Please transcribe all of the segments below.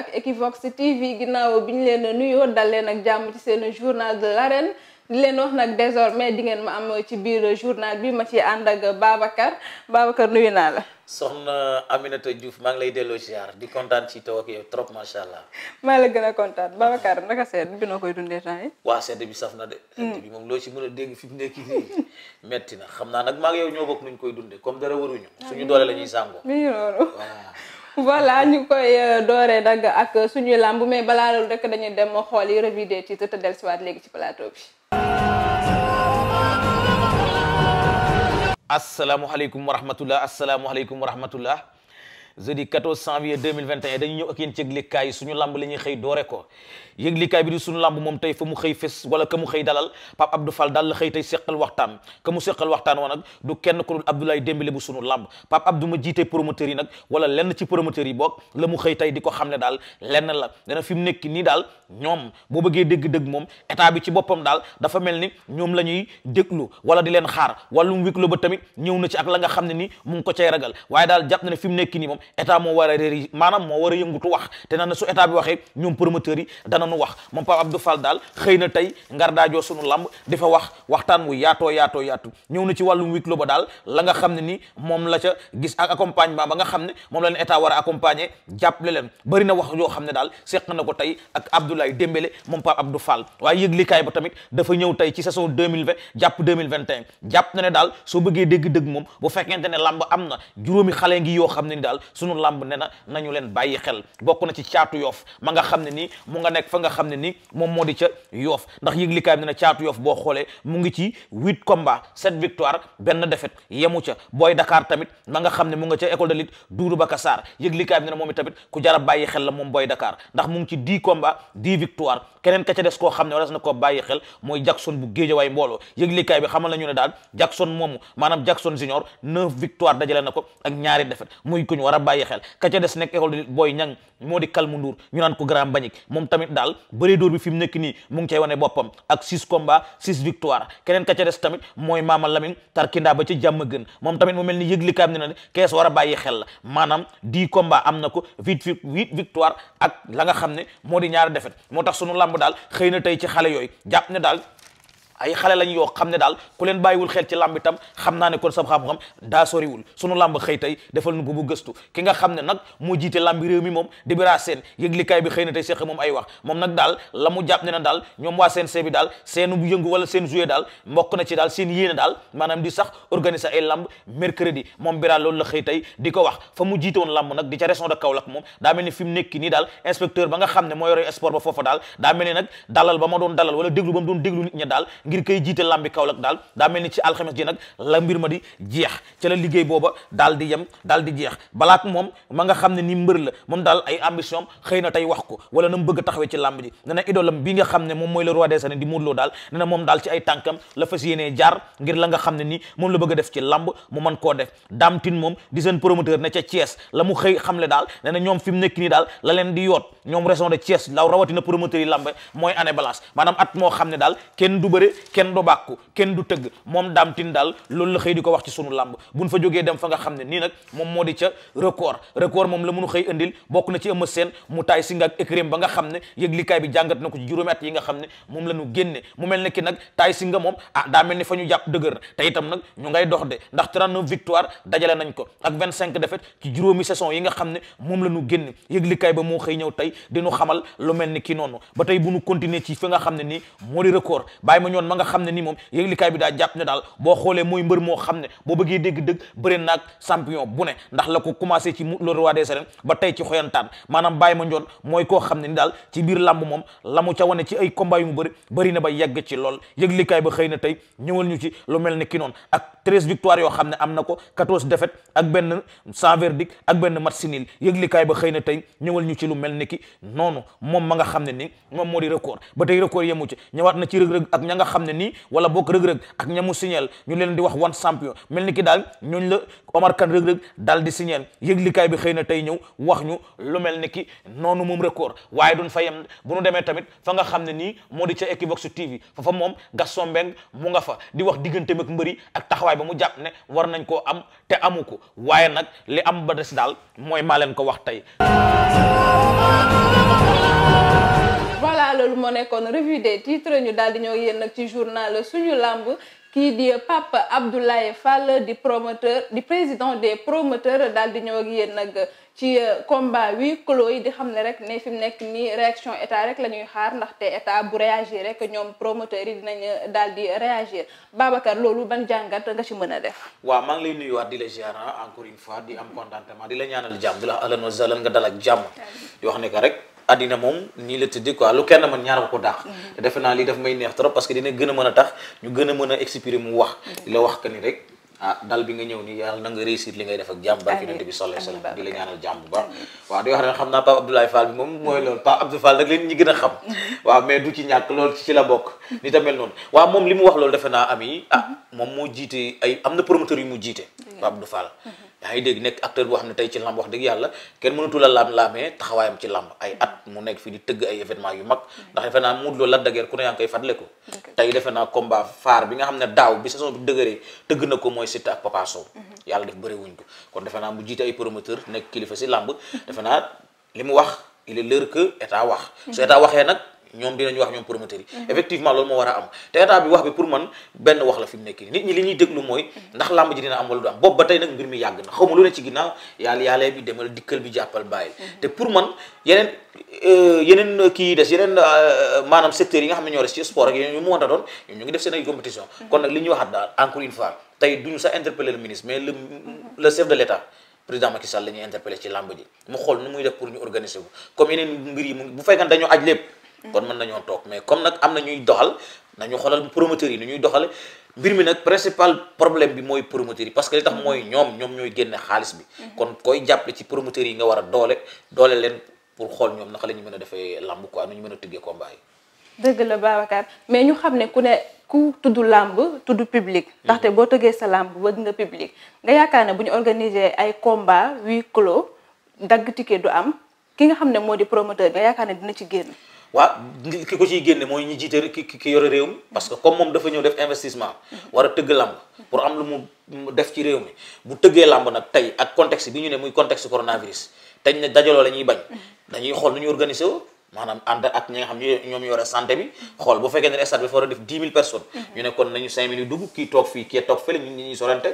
ak Equivox TV ginnaaw bi ñu leen a nuyoo dal leen ak jàmm ci seen journal de l'arène di leen wax nag désormais di ngeen ma am ci biir journal bi ma ci ànd ak Babacar Babacar nuyu naa la. soxna Aminata Diouf maa ngi lay delloo ziar di kontaan ci taw ak yow trop macha allah. maa la gën a kontaan Babacar naka sedd bi noo koy dundee temps yi. waa sedd bi saf na de. Hmm. moom loo ci mën a dégg fi mu nekk nii metti na xam naa nag maa ngi yow ñoo bokk nuñ koy dundee comme dara waruñu. Ah, suñu doole la ñuy sàngoo. mi ngi voilà ñu koy euh, dooree dagg ak suñuy làmb mais balaa loolu rek dañu dem xool yi revue des titres te dellusiwaat léegi ci plateau bi. asalaamualeykum wa rahmatullah asalaamualeykum wa rahmatullah. jeudi 14 janvier 2021 dañu ñëw ak yéen ci yëglikaay yi suñu lamb la ñuy xëy doore ko yëglikaay bi di suñu lamb moom tey fa mu xëy fes wala ka mu xëy dalal Pape Abdou Fall daal la xëy tey seqal waxtaan ka mu waxtaan wa nag du kenn ku dul Abdoulaye Dembélé bu suñu lamb Pape Abdou ma jiite promoteur yi nag wala lenn ci promoteur yi boog la mu xëy tey di ko xam ne daal lenn la dana fi mu nekk nii daal ñoom boo bëggee dégg-dégg moom état bi ci boppam daal dafa mel ni ñoom la ñuy déglu wala di leen xaar wàllum wiklo ba tamit ñëw na ci ak la nga xam ne ni mu ngi ko ragal waaye daal jàpp na ne mu nekk nii moom état moo war a maanaam moo war a yëngutu wax te na su état bi waxee ñoom promoteurs yi dananu wax moom Pape Abdou Fall daal xëy na tey ngar daajoo sunu lamb di wax waxtaan wu yaatoo yaatoo yaatu ñëw na ci wàllum huis clos ba daal la nga xam ne ni moom la ca gis ak accompagnement ba nga xam ne moom la leen état war a accompagner jàppale leen bëri na wax yoo xam ne daal seq na ko tey ak Abdoulaye Dembélé moom Pape Abdou Fall waaye yëglikaay ba tamit dafa ñëw tey ci saison 2020 jàpp 2021 jàpp na ne daal soo bëggee dégg-dëgg moom bu fekkente ne am na juróomi xale ngi yoo xam ne daal sunu làmb ne na nañu leen bàyyi xel bokk na ci caatu yoof ma nga xam ne nii mu nga nekk fa nga xam ne nii moom moo di ca yoof ndax yëglikaay bi ne na caatu yoof boo xoolee mu ngi ci huit combats sept victoire benn défaite yemu ca booy Dakar tamit ma nga xam ne mu nga ca école de ba Doudou Bakassar yëglikaay bi ne na moom i tamit ku jara bàyyi xel la moom booy Dakar ndax mu ngi ci dix combats dix victoire keneen ka ca des koo xam ne waras na koo bàyyi xel mooy Jackson bu géejawaay mbooloo yëglikaay bi xamal nañu ne daal Jackson moomu maanaam Jackson junior neuf victoire dajale na ko ak ñaari defet muy ku ñu war a bàyyi xel ka ca des nekk école booy ñang moo di kalmu ñu naan ko grand bañik moom tamit daal bëree dóor bi fi mu nekk nii mu ngi cay wane boppam ak six combats six victoire keneen ka ca des tamit mooy maama lamin tarkindaa ba ca jàmm gën moom tamit mu mel ni yëglikaay bi ne ne kees war a bàyyi xel la maanaam dix combats am na ko huit huit victoire ak la nga xam ne moo di ñaari defet làmb daal xëy na tey ci xale yooyu jàpp ne daal ay xale lañ yoo xam ne daal ku leen bàyyiwul xel ci làmb itam xam naa ne kon sa xam-xam daa soriwul sunu làmb xëy tey defal nu ko gëstu ki nga xam ne nag moo jiite làmbi réew mi moom di Bira Sène yëglikaay bi xëy na tey seq moom ay wax moom nag daal la mu jàpp ne na daal ñoom waa CNG daal seen yëngu wala seen joué daal na ci daal seen yéene daal maanaam di sax organiser ay làmb mercredi moom Bira loolu la xëy tey di ko wax fa mu jiite woon làmb nag di ca région de Kaolack moom daa mel ni fi mu nekk nii ne moo yore sport daal daa mel ni nag dalal ba ma doon dalal wala déglu ba mu ngir koy jiite lambi Kaolack daal daa mel ni ci alxames ji nag la mbir ma di jeex ca la liggéey booba daal di yem daal di jeex balaak moom ma nga xam ne ni mbër la moom daal ay ambition xëy na tey wax ko wala na bëgg a ci lamb ji ne na bi nga xam ne moom mooy le roi des arènes moom daal ci ay tànkam la fas yéenee jaar ngir la nga xam ne ni moom la bëgg def ci lamb mu mën koo def Dame Tine moom di seen promoteur ne ca Thiès la mu xëy xamle daal ne na ñoom fi mu nekk nii daal la leen di yoot ñoom région de Thiès rawatina promoteurs yi lambe mooy année balance maanaam at moo xam ne daal kenn du bàkku kenn du tëgg moom Dame Tine daal loolu la xëy di ko wax ci sunu làmb buñ fa jógee dem fa nga xam ne nii nag moom moo di ca record record moom la munu xëy indil bokk na ci Eumeu Sène mu taay si nga ak écrim ba nga xam ne bi jàngat na ko ci juróomi at yi nga xam ne moom la ñu génne mu mel ne ki nag si nga moom ah daa ni fa ñu jàpp dëgër na te itam nag ñu ngay dox de ndax 39 victoire dajale nañ ko ak 25 défaites ci juróomi saison yi nga xam ne moom la ñu génne yëglikaay ba moo xëy ñëw tey dinu xamal lu mel ni ki noonu ba tey bu ñu continuer ci fa nga xam ne nii moo di record bàyyi ma ñoon ma nga xam ne ni moom yëglikaay moo xam ne boo bëggee dégg dëgg bëri naag champion bu ne ndax ci le roi des arènes ba tey ci xoyantaan maanaam bàyyi mooy koo xam ne daal ci biir làmb moom la mu ca wane ci ay combat yu mu bëri ba yegg ci lool yëglikaay ba xëy na tey ñëwal ñu ci lu mel ni ki noonu ak treize victoire yoo xam ne am na ko quatorze défaites ak benn sans verdict ak benn match nul yëglikaay ba xëy na tey ñëwal ñu ci lu mel ni ki noonu moom ma nga xam ne ni moom moo di record ba tey record yemu ci ñëwaat na ci rëg-rëg ak ña xam ne nii wala bokk rëg-rëg ak ñamu signal ñu leen di wax one champion mel ni ki daal ñooñ la Omar Kane rëg-rëg daal di signal yëglikaay bi xëy na tey ñëw wax ñu lu mel ni ki noonu moom record waaye doon fa yem bu nu demee tamit fa nga xam ne nii moo di ca Equivox TV fa fa moom Gaston Mbengue mu nga fa di wax diggante ak mbëri ak taxawaay ba mu jàpp ne war nañ koo am te amu ko waaye nag li am ba des daal mooy maa leen ko wax tey loolu moo nekkoon revue des titres ñu daal di ñëw yéen nag ci journal suñu làmb kii di Pape Abdoulaye fàll di promoteur di président de promoteurs daal di ñëw ak yéen nag ci euh, combat wi clos yi di xam ne rek ne fi mu nekk nii réaction état rek la ñuy xaar ndaxte état bu réagir rek ñoom promoteurs yi dinañ euh, daal di réagir Babacar loolu ban jàngat nga ci mën a def. waa maa ngi lay nuyuwaat di la ziar encore une fois di am contentement di la ñaanal jàmm di la alal nga dal ak jàmm di wax ne rek. àddina moom nii la tëddee quoi lu kenn mën ñaar ko daax mhm. te defe naa lii daf may neex trop parce que dina gën a mën a tax ñu gën a mën a exprimer mu wax mhm. di la wax ah nga ñëw nii yàlla na nga li ngay def ak jàmm barki yonent bi sallallahu alayhi wasallam di la loolu Pape mhm. li mu wax loolu defe naa am yi ah moom moo jiite ay am na promoteur yu mu jiite Pape Abdou Fall yaa ngi dégg nekk acteur boo xam ne tey ci lamb wax dëgg yàlla kenn mënatu la laam-laamee taxawaayam ci lamb ay at mu nekk fii di tëgg ay événement yu mag ndax defe naa Modou ne yaa bi nga xam dëgëree tëgg na ko mooy Siteu ak Papa Sow mhm. yàlla def bëri wuñ ko kon defe naa mu jiite ay promoteur nekk kilifa si lamb defe naa li mu wax il est l'heure que wax su état mhm. waxee nag ñoom dinañ wax ñoom promoteurs yi effectivement loolu moo war a am te état bi wax bi pour man benn wax la fi mu nekk nit ñi li ñuy déglu mooy ndax làmb ji dina am wala du am boobu ba tey nag mbir mi yàgg na xaw ma lu ne ci ginnaaw yàlla yàlla bi demal dikkal bi yeneen euh, yeneen kii yi des euh, yi nga xam ne ñoo des ci sport ak a doon ñoom ñu ngi def seen ay compétition kon nag li ñuy waxaat daal duñu sax interpeller le ministre mais le chef de l'état président Macky Sall la ci làmb ji mu xool nu muy def pour ñu organiser wu comme yeneen mbir yi mu bu fekkan dañoo aj lépp Mm-hmm. kon mën nañoo toog mais comme nag am na ñuy doxal nañu xoolal promoteurs yi nu ñuy doxale mbir mi nag principal problème bi mooy promoteurs yi parce que li tax mm-hmm. mooy ñoom ñoom ñooy génne xaalis bi mm-hmm. kon koy jàppale ci promoteurs yi nga war a doole doole leen pour xool ñoom naka la ñu mën a defee làmb quoi nu ñu mën a tëggee combat yi dëgg la Babacar mais ñu xam ne ku ne ku tudd làmb tudd public. ndaxte boo tëggee sa làmb bëgg nga public. nga yaakaar ne bu ñu organiser ay combat huis clos dagg du am ki nga xam ne moo di promoteur nga yaakaar ne dina ci génn. waa ki ko ciy génne mooy ñi jiite ki ki yore réew mi parce que comme moom dafa ñëw def investissement war a tëgg làmb pour am lu mu def ci réew mi bu tëggee làmb nag tey ak contexte bi ñu ne muy contexte coronavirus teñ ne dajaloo la ñuy bañ dañuy xool nu ñu organiser woo maanaam ànd ak ñoom yore santé bi xool bu fekkee ne stade bi fa war a def dix mille personnes mhm. ñu ne kon nañu cinq mille yu dugg kii toog fii kii toog fële ñu ñi ñuy sorante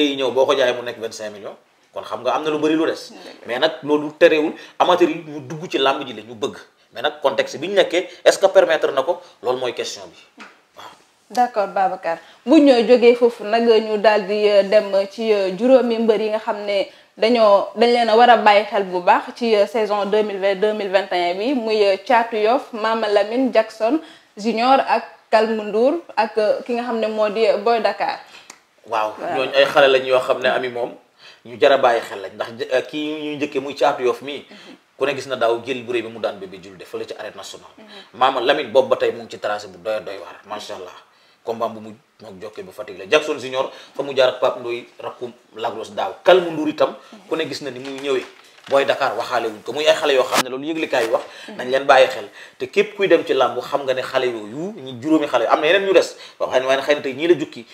yi ñëw boo ko jaayee mu nekk vingt cinq millions kon xam nga am na lu bëri lu des mais nag loolu terewul amateur ñu dugg ci lamb ji la ñu bëgg mais nag contexte bi ñu nekkee est-ce que permettre na ko loolu mooy question bi waaw. d'accord Babacar bu ñoo jógee foofu nag ñu daal di euh, dem ci euh, juróomi mbër yi nga xam ne dañoo dañ leen a war a bàyyi xel bu baax ci euh, saison deux mille vingt deux mille vingt et un bi muy Thiatou Yoff Mama Lamine Jackson Junior ak Kalmu Ndour ak ki nga xam ne moo di Boy Dakar. waaw ñooñu ay xale lañ yoo xam ne ami moom ñu jar a bàyyi xel lañ ndax kii ñu njëkkee muy Thiatou Yoff mii. Mhm. ku ne gis na daaw jël bu rëy bi mu daan bébé jul def fële ci arène nationale mhm. maama Lamine boobu ba tey mu ci tracé bu doy doy waar macha allah combat bu mu jokkee bu Fatick Jackson Junior fa mu jaar ak Pape rakku Lagros daaw kal mu nduur itam ku ne gis na ni muy ñëwee booy Dakar waxaale wuñ ko muy ay xale yoo xam ne loolu yëglikaay yi wax mhm. nañ leen bàyyi xel te képp kuy dem ci làmb xam nga ne xale yooyu ñu juróomi xale am na yeneen ñu des wax xëy na xëy na tey ñii la jukki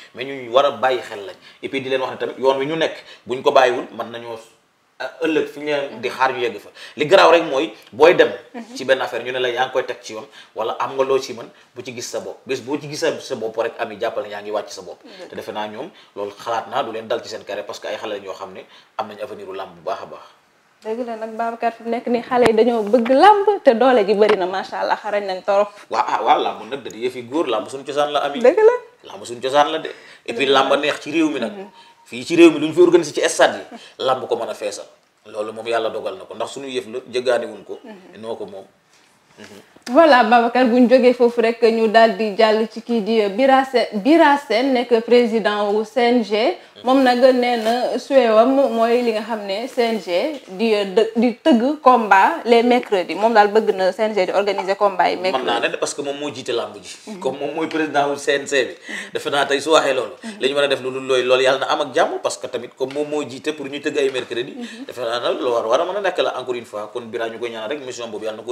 war a bàyyi xel lañ et puis di leen wax ne tamit yoon ko bàyyiwul mën nañoo ëllëg fi ñu di xaar ñu yegg fa li garaaw rek mooy booy dem ci benn affaire ñu ne la yaa ngi koy teg ci yoon wala am nga loo ci mën bu ci gis sa bopp bés boo ci gis sa bopp rek am yi jàppale ne ngi wàcc sa bopp mm-hmm. te defe naa ñoom lool xalaat naa du leen dal ci seen kare parce que ay xale la ñoo xam ne am nañu avenir u làmb bu baax a baax dëgg la nag Babacar fi nekk nii xale yi dañoo bëgg làmb te doole ji bëri na macha allah xarañ nañ torop waaw ah waaw làmb nag da di yëfi góor làmb suñu la ami dëgg la làmb suñu la de et puis ci réew mi nag mm-hmm. fii ci réew mi lu ñu fi organisé ci stade yi lamb ko mën a feesal loolu moom yàlla dogal na ko ndax su suñu yëf la jëggaaniwuñ ko mhm. noo ko moom mhm. voilà Babacar bu ñu jógee foofu rek ñu daal di jàll ci kii di Bira Sène Bira Sène nekk président wu CNG. moom nag nee na suweewam mooy li nga xam ne CNG di di tëgg combat les mercredis moom daal bëgg na CNG di organiser combat yi. mercredi mën naa ne parce que moom moo jiite làmb ji. Mhm. comme moom mooy président wu CNG mhm. a def lu dul looy yàlla na am ak jàmm parce que tamit comme moom moo jiite pour ñu tëgg ay mercredi. Mhm. defe naa ne lu war a mën a nekk la encore une fois kon Bira ñu koy ñaan rek mission boobu yàlla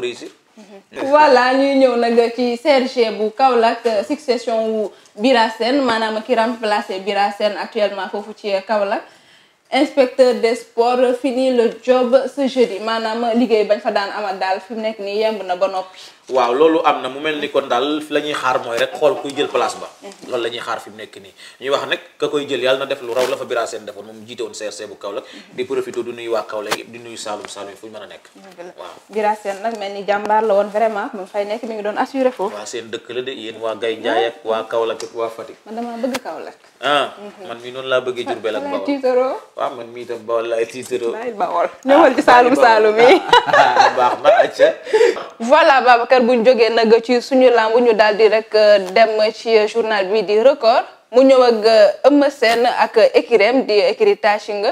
balaa ñuy ñëw nag ci CRG bu Kaolack succession wu Bira Sène maanaam ki remplacé Bira actuellement foofu ci Kaolack inspecteur des sports fini le job ce jeudi maanaam liggéey bañ fa daan amal daal fi mu nekk nii yemb na ba noppi. waaw loolu am na mu mel ni kon daal la ñuy xaar mooy rek xool kuy jël place ba mhm. loolu la ñuy xaar fi mu nekk nii ñuy wax nag ka koy jël yàlla na def lu raw la fa Bira Sène defoon moom jiite woon CRC bu Kaolack mhm. di profité du nuyu waa Kaolack yëpp di nuyu Saloum Saloum fu ñu a ak waa Kaolack man dama bëgg Kaolack ah mhm. laa tiitaroo waaw man mi itam Bawol laay tiitaroo Bawol ci Saloum Saloum yi baax ma acca voilà Babacar bu ñu jógee nag ci suñu làmb ñu daal di rek euh, dem ci journal bi di record mu ñëw ak euh, Eumeu Sène ak écrim di écrit Taïsinga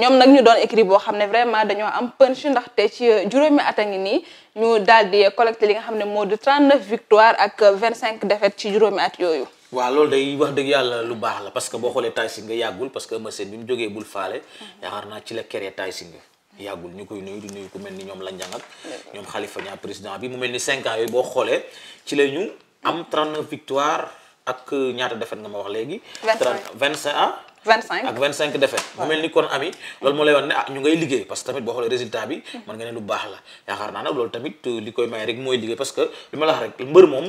ñoom nag ñu doon écrit boo xam ne vraiment dañoo am punch ndaxte ci juróomi at a ngi nii ñu daal di collecté li nga xam ne moo di 39 victoires ak 25 défaites ci juróomi at yooyu. waaw loolu day wax dëgg yàlla lu baax la parce que boo xoolee Taïsinga yàggul parce que Eumeu Sène bi mu jógee bul faale. Mm-hmm. yaakaar naa ci la kéré Taïsinga. yàggul ñu koy nuyu di nuyu ku mel ni ñoom Landiang ak mm-hmm. ñoom Khalifa ñaa président bi mu mel ni cinq ans yooyu boo xoolee ci la ñu am 39 victoire ak ñaata defet nga ma wax léegi 25 ah 25 ak 25 defet mu mel ni kon ami loolu moo lay wan ne ah ñu ngay liggéey parce que tamit boo xoolee résultat bi mën mm-hmm. nga ne lu baax la yaakaar naa nag loolu tamit li koy may rek mooy liggéey parce que li ma la rek mbër moom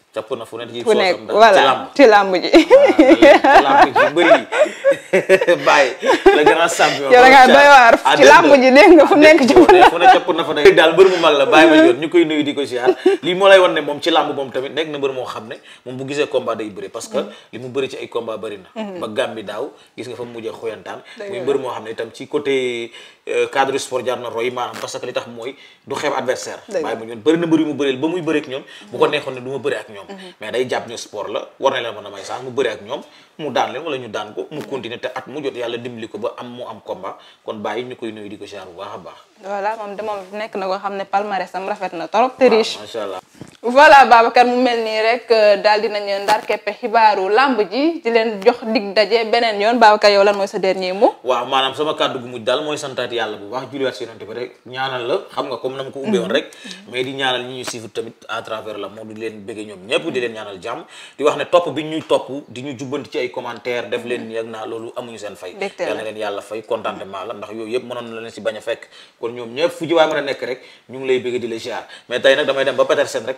capp na fu nekk fu nekk voilà ci làmb ji ci làmb ji bëri bàyyi le grand champion yow da ngaa ci ah, làmb ji dégg nga fu ah, nekk ci fu ne daal mbër mu mag la bàyyi ma jot ñu koy nuyu di ko siyaar lii moo lay wan ne moom ci làmb moom tamit nekk na mbër moo xam ne moom bu gisee combat day bëri parce que mm-hmm. li mu bëri ci ay combat bëri na mm-hmm. ba Gàmbi daaw gis nga fa mu mujjee xoyantaan muy mbër moo xam ne itam ci côté euh, cadre sport jaar na roy maanaam parce que li tax mooy du xeeb adversaire bàyyi ma ñoon bëri ñoom mhm. mais day jàpp ne sport la war na leen mën a may sax mu bëri ak ñoom mu daan leen wala ñu daan ko mu mhm. continuer te at mu jot yàlla dimbali ko ba am mu am combat kon bàyyi ñu koy nuyu di ko genre bu baax a baax voilà moom dama nekk na koo xam ne palmarès am rafet na trop te riche voilà Babacar mu mel nii rek euh, daal dinañ ndar keppe xibaaru làmb ji di leen jox dig daje beneen yoon Babacar yow lan mooy na ma ko umbee woon rek mhm. mais di ñaanal ñi ñu siif tamit à travers la moo wax ne topp bi ñuy topp di ñu jubbanti ci ay mhm. seen na leen yàlla fay contentement la ndax fekk kon ñoom ñëpp fu ji waay mën a nekk rek ñu ngi lay bëgg di la ziar mais tey nag damay dem ba Petersen rek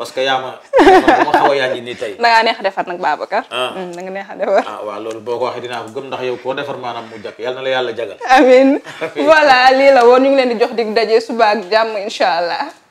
parce que yaa ma ma xaw a yaaji nii tey. da neex defar nag Babacar. Ah. Mm, da nga neex a defar. ah waaw loolu boo ko waxee dinaa ko ndax yow koo defar maanaam mu jàkk yàlla na la yàlla jagal. amiin voilà lii la woon ñu ngi leen di jox dig daje suba ak jàmm incha allah.